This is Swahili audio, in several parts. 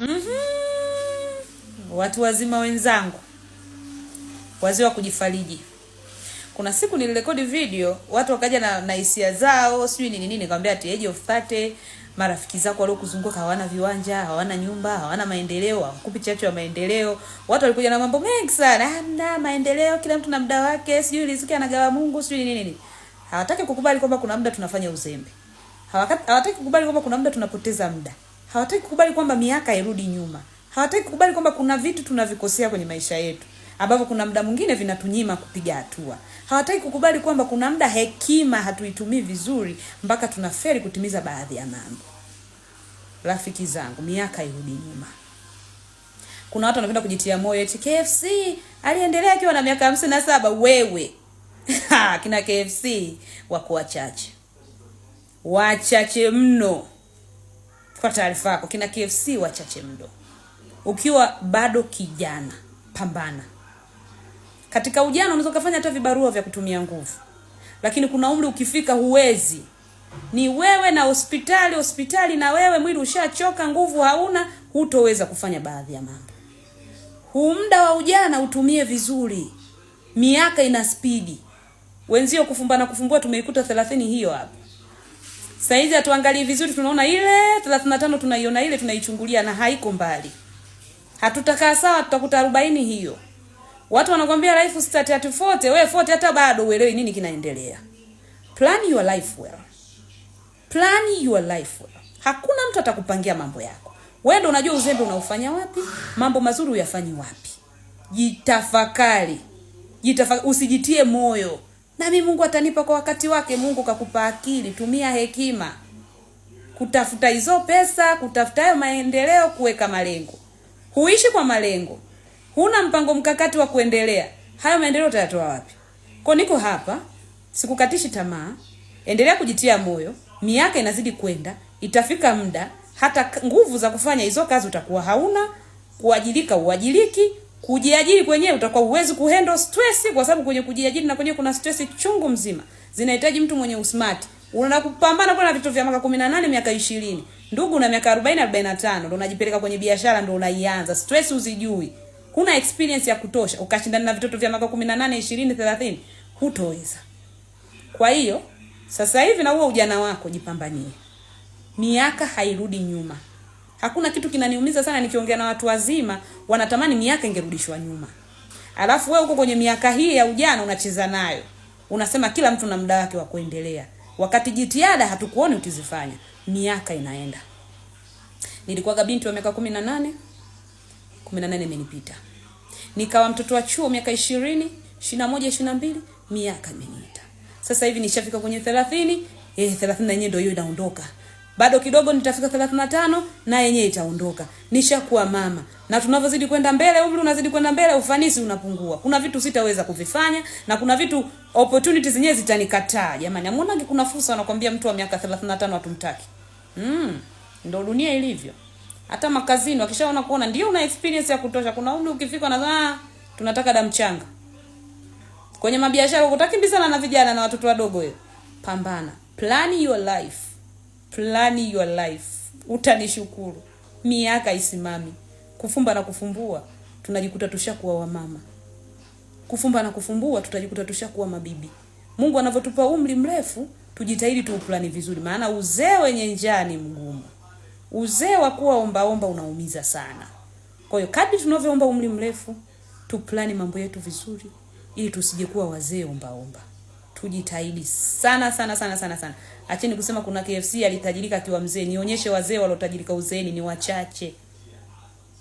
mm -hmm. Watu wazima wenzangu, wazee wa kujifariji. Kuna siku nilirekodi video, watu wakaja na, na hisia zao sijui nini nini, nikamwambia ati age of 30 marafiki zako waliokuzunguka hawana viwanja, hawana nyumba, hawana maendeleo, hawakupi chachu ya maendeleo. Watu walikuja na mambo mengi sana, na maendeleo, kila mtu na muda wake, sijui riziki anagawa Mungu, sijui nini nini. Hawataki kukubali kwamba kuna muda tunafanya uzembe, hawataki kukubali kwamba kuna muda tunapoteza muda hawataki kukubali kwamba miaka irudi nyuma, hawataki kukubali kwamba kuna vitu tunavikosea kwenye maisha yetu ambavyo kuna muda mwingine vinatunyima kupiga hatua. Hawataki kukubali kwamba kuna muda hekima hatuitumii vizuri mpaka tunaferi kutimiza baadhi ya mambo. Rafiki zangu, miaka irudi nyuma. Kuna watu wanapenda kujitia moyo eti KFC aliendelea akiwa na miaka hamsini na saba. Wewe kina KFC wako wachache, wachache mno kwa taarifa yako, kina KFC wachache mdo. Ukiwa bado kijana, pambana. Katika ujana unaweza kufanya hata vibarua vya kutumia nguvu, lakini kuna umri ukifika huwezi. Ni wewe na hospitali, hospitali na wewe, mwili ushachoka, nguvu hauna, hutoweza kufanya baadhi ya mambo. Huu muda wa ujana utumie vizuri, miaka ina spidi. Wenzio kufumbana kufumbua tumeikuta 30 hiyo hapo. Sasa hizi hatuangalii vizuri, tunaona ile 35 tunaiona ile tunaichungulia na haiko mbali. Hatutakaa sawa, tutakuta 40 hiyo. Watu wanakuambia life start at 40, wewe 40 hata bado uelewi nini kinaendelea. Plan your life well. Plan your life well. Hakuna mtu atakupangia mambo yako. Wewe ndio unajua uzembe unaufanya wapi, mambo mazuri uyafanyi wapi. Jitafakari. Jitafa, usijitie moyo nami Mungu atanipa kwa wakati wake. Mungu kakupa akili, tumia hekima kutafuta hizo pesa, kutafuta hayo maendeleo, kuweka malengo. Huishi kwa malengo, huna mpango mkakati wa kuendelea, hayo maendeleo utayatoa wapi? Kwa niko hapa, sikukatishi tamaa, endelea kujitia moyo. Miaka inazidi kwenda, itafika muda hata nguvu za kufanya hizo kazi utakuwa hauna, kuajilika uajiliki, Kujiajiri kwenyewe utakuwa uwezi kuhandle stress, kwa sababu kwenye kujiajiri na kwenye kuna stress chungu mzima, zinahitaji mtu mwenye usmart. Unaenda kupambana kwa na vitu vya miaka 18 miaka 20, ndugu na miaka 40 45, ndo unajipeleka kwenye biashara, ndo unaianza. Stress uzijui, kuna experience ya kutosha, ukashindana na vitoto vya miaka 18 20 30, hutoweza. Kwa hiyo sasa hivi na huo ujana wako jipambanie, miaka hairudi nyuma. Hakuna kitu kinaniumiza sana nikiongea na watu wazima, wanatamani miaka ingerudishwa nyuma. Alafu wewe uko kwenye miaka hii ya ujana unacheza nayo. Unasema kila mtu na muda wake wa kuendelea. Wakati jitihada hatukuoni ukizifanya, miaka inaenda. Nilikuwa binti wa miaka 18. 18 imenipita. Nikawa mtoto wa chuo miaka 20, 21, 22, miaka imeniita. Sasa hivi nishafika kwenye 30, eh 30 na yenyewe ndio hiyo inaondoka bado kidogo nitafika 35 na yenyewe itaondoka. Nishakuwa mama, na tunavyozidi kwenda mbele, umri unazidi kwenda mbele, ufanisi unapungua. Kuna vitu sitaweza kuvifanya na kuna vitu opportunities zenyewe zitanikataa. Jamani, amuona kuna fursa wanakuambia mtu wa miaka 35 atumtaki. Mm, ndio dunia ilivyo. Hata makazini wakishaona kuona ndio una experience ya kutosha, kuna umri ukifika na ah, tunataka damu changa. Kwenye mabiashara mbisa na vijana na watoto wadogo wewe. Pambana. Plan your life plan your life, utanishukuru miaka isimami. Kufumba na kufumbua tunajikuta tushakuwa wamama, kufumba na kufumbua tutajikuta tushakuwa mabibi. Mungu anavyotupa umri mrefu tujitahidi tuuplani vizuri, maana uzee wenye njaa ni mgumu. Uzee wa kuwa ombaomba unaumiza sana. Kwa hiyo kadri tunavyoomba umri mrefu, tuplani mambo yetu vizuri, ili tusije kuwa wazee ombaomba tujitahidi sana sana sana sana sana. Acheni kusema kuna KFC alitajirika akiwa mzee. Nionyeshe wazee waliotajirika uzeeni, ni wachache,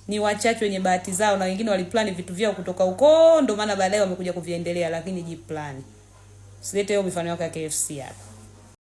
ni wachache wenye bahati zao, na wengine waliplani vitu vyao kutoka huko, ndio maana baadaye wamekuja kuviendelea. Lakini jiplani, usilete hiyo mifano yako ya KFC hapa.